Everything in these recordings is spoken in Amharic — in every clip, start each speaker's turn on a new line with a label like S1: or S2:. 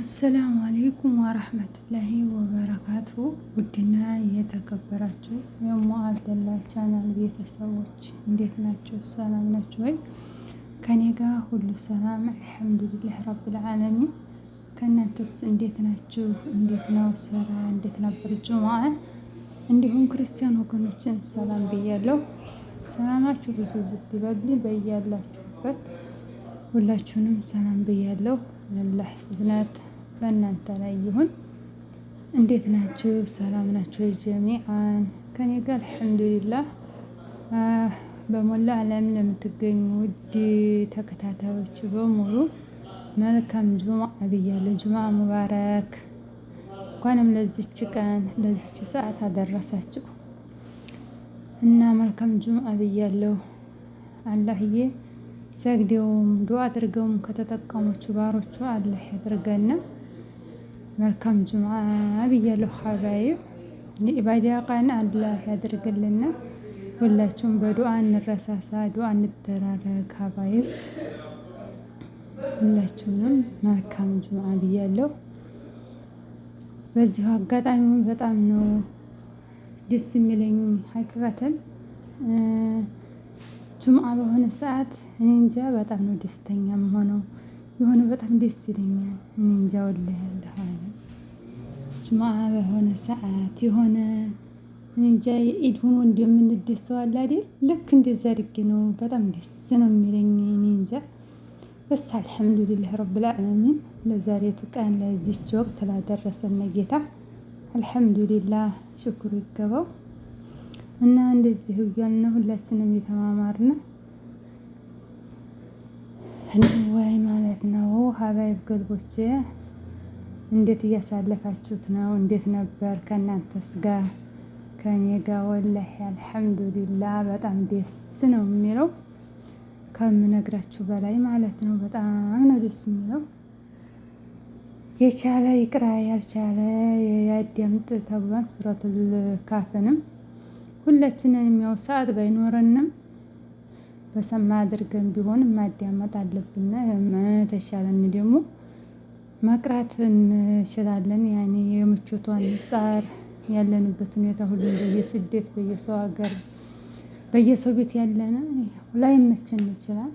S1: አሰላሙ አሌይኩም ወረህመቱላሂ ወበረካቱ። ውድና የተከበራችሁ የሞ አብደላ ቻናል ቤተሰቦች እንዴት ናቸው? ሰላም ናቸው ወይ? ከኔ ጋር ሁሉ ሰላም አልሐምዱሊላህ ረብልዓለሚን። ከእናንተስ እንዴት ናችሁ? እንዴት ነው ስራ? እንዴት ነበር ጁምዓ? እንዲሁም ክርስቲያን ወገኖችን ሰላም ብያለሁ። ሰላማችሁ ብስዝት ይበል በያላችሁበት። ሁላችሁንም ሰላም ብያለሁ። ለላህ ስዝነት በእናንተ ላይ ይሁን። እንዴት ናችሁ? ሰላም ናችሁ? ጀሚዓን ከኔ ጋር አልሐምዱሊላህ። በሞላ ዓለም ለምትገኙ ውድ ተከታታዮች በሙሉ መልካም ጁማ ብያለሁ። ጁማ ሙባረክ። እንኳንም ለዚች ቀን ለዚች ሰዓት አደረሳችሁ እና መልካም ጁማ ብያለሁ። አላህዬ ሰግደውም ዱዓ አድርገውም ከተጠቀሞቹ ባሮቹ አላህ ያድርገና መልካም ጁምዓ ብያለሁ። ሀባይብ የኢባዳ ቀን አላህ ያደርግልና ሁላችሁም በዱዓ እንረሳሳ፣ ዱዓ እንተራረግ። ሀባይብ ሁላችሁንም መልካም ጁምዓ ብያለሁ። በዚሁ አጋጣሚውን በጣም ነው ደስ የሚለኝ ሀቂቃተን ጁምዓ በሆነ ሰዓት እኔ እንጃ በጣም ነው ደስተኛ የምሆነው። የሆነ በጣም ደስ ይለኛል። እንጃ ወላሂ እንደሆነ ጅምዓ በሆነ ሰዓት የሆነ እንጃ የኢድ ሆኖ እንደምንደሰዋል አለ አይደል? ልክ እንደዛ አድርጌ ነው። በጣም ደስ ነው የሚለኝ። እንጃ በስ አልሐምዱሊላህ ረብልዓለሚን ለዛሬቱ ቀን ለዚች ወቅት ላደረሰነ ጌታ አልሐምዱሊላህ ሽኩር ይገባው እና እንደዚህ እያልን ሁላችንም የተማማርን እንወያይ ማለት ነው። ሀባይብ ገልቦቼ እንዴት እያሳለፋችሁት ነው? እንዴት ነበር ከእናንተስ ጋር? ከኔ ጋር ወላሂ አልሐምዱሊላ በጣም ደስ ነው የሚለው ከምነግራችሁ በላይ ማለት ነው። በጣም ነው ደስ የሚለው። የቻለ ይቅራ ያልቻለ የአዳምጥ ተብሏን ሱረቱል ካፍንም ሁላችንን የሚያው ሰዓት ባይኖረንም በሰማ አድርገን ቢሆን ማዳመጥ አለብን። ተሻለን ደግሞ መቅራት እንችላለን። ያኔ የምቾቱ አንጻር ያለንበት ሁኔታ ሁሉ በየስደት በየሰው ሀገር በየሰው ቤት ያለነ ላይመቸን ይችላል።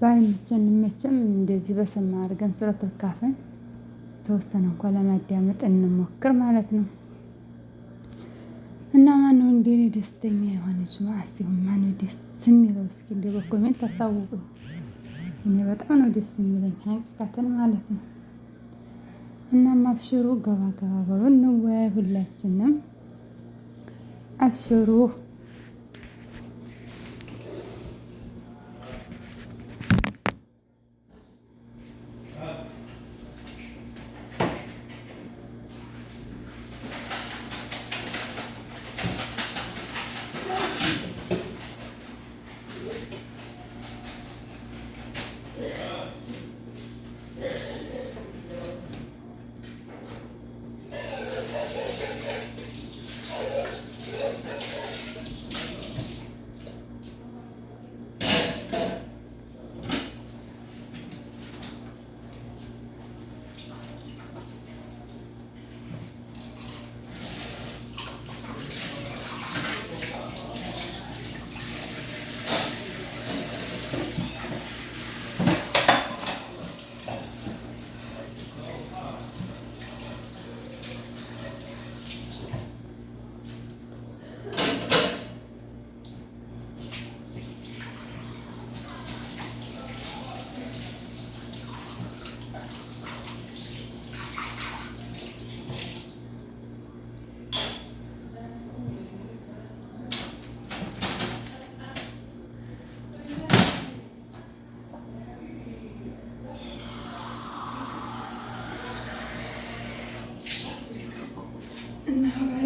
S1: ባይመቸን መቸም እንደዚህ በሰማ አድርገን ሱረቱል ተወሰነ እንኳን ለማዳመጥ እንሞክር ማለት ነው። እና ማነው እንደኔ ደስተኛ የሆነች ማሲሆን ማነው ደስ የሚለው? እስኪ እንደ በኮሜንት ታሳውቁ። እኔ በጣም ነው ደስ የሚለኝ ሀቂቃትን ማለት ነው። እናም አብሽሩ ገባ ገባ ብሎ እንወያይ ሁላችንም አብሽሩ።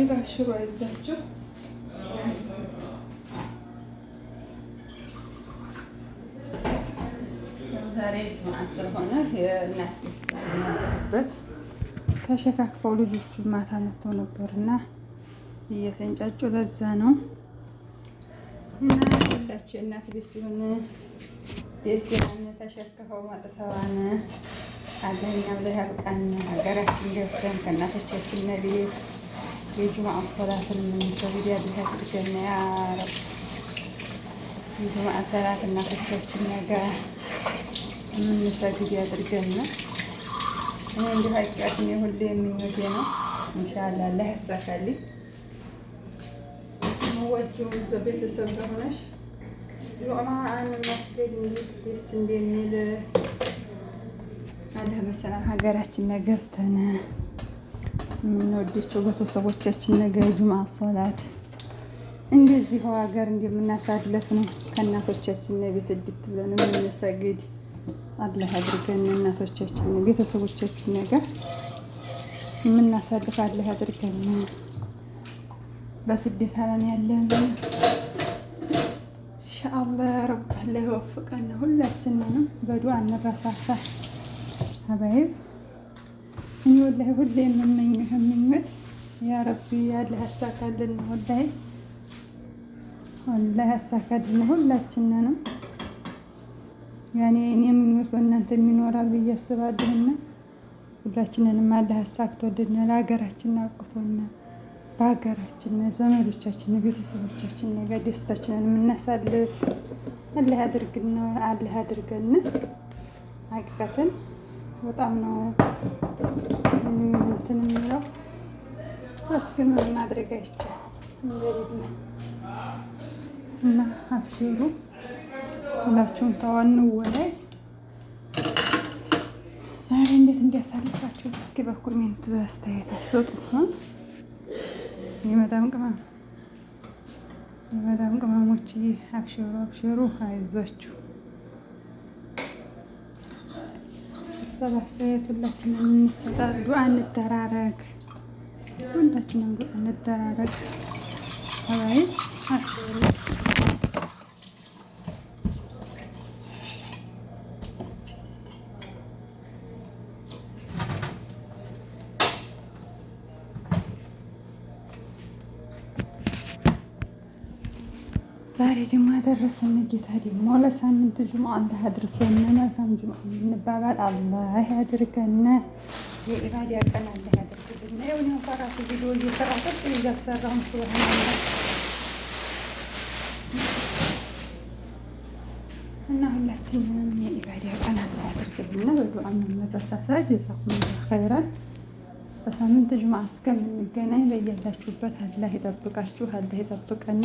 S1: በአሽሯ ይዛችሁ ዛሬ ተሸካክፈው ልጆቹ ማታ መጥተው ነበርና እየተንጫጩ ለዛ ነው። እና ሁላችሁ እናት ቤት ሲሆን ደስ ተሸክፈው መጥተዋን ያብቃን። ሀገራችን ገብተን ከእናቶቻችን የጁማ ሰላትን የምንሰው ቪዲያ ያረብ የጁማ ሰላት እናቶቻችን ነገር የምንሰው ቪዲያ እኔ እንዲሁ ሀቂቃትን ሁሌ የሚመዜ ነው። እንሻላ አላህ ያሳካልኝ። ወጆ ቤተሰብ ለሆነሽ ጁማአን መስገድ እንዴት ደስ እንደሚል አለ መሰላም ሀገራችን ገብተን የምንወዳቸው ቤተሰቦቻችን ነገ ጁማ ሶላት እንደዚህ ሀገር እንደምናሳልፍ ነው። ከእናቶቻችን ቤት እድት ብለን የምንሰግድ አላህ አድርገን እናቶቻችን ቤተሰቦቻችን ነገር የምናሳልፍ አላህ አድርገን። በስደት ዓለም ያለን ኢንሻአላህ ረብ ለወፍቀን ሁላችንንም በዱዓ እንረሳሳ ሀባይብ እኔ ወላሂ ሁሌ የምመኘው ይሄ ምኞት ያ ረቢ ያለ ያሳካልን ነው። ወላሂ ወላሂ ያሳካልን ሁላችንንም። ያኔ እኔ ምኞት በእናንተ የሚኖራል ብዬ አስባለሁና ሁላችንንም አለ ያሳክቶልን፣ ለሀገራችን አብቅቶናል። በሀገራችን ዘመዶቻችን፣ ቤተሰቦቻችን ነገ ደስታችንን የምናሳልፍ አላህ ያድርግና አላህ ያድርገን አቂቀትን በጣም ነው እንትን የሚለው ግን ምን ማድረግ አይቻልም። እና አብሽሩ ሁላችሁም ተዋንው ወላይ ዛሬ እንዴት እንዲያሳልፋችሁት እስኪ በኮሜንት በአስተያየት አሰጡ። የመዳም ቅመም የመዳም ቅመሞች አብሽሩ አብሽሩ አይዟችሁ። ሀሳብ አስተያየት ሁላችንም እንሰጣ። ዱአ እንደራረግ፣ ሁላችንም ዱአ እንደራረግ። አባይ ዛሬ ደግሞ ያደረሰን ጌታ ደግሞ ለሳምንት ጁምዓ አላህ አድርሶን መልካም ጁምዓ እንባባል። አላህ ያድርገን። የኢባዳ ቀን አላህ ያድርግልን። ይሁን ያባራቱ ቪዲዮ እየሰራ ጥጥ እያሰራሁን ስብሃናላ እና ሁላችንም የኢባዳ ቀን አላህ ያድርግልን። በዱዓ የምንረሳሳ ጀዛኩም ኸይራን። በሳምንት ጁምዓ እስከምንገናኝ በያላችሁበት አላህ ይጠብቃችሁ፣ አላህ ይጠብቀና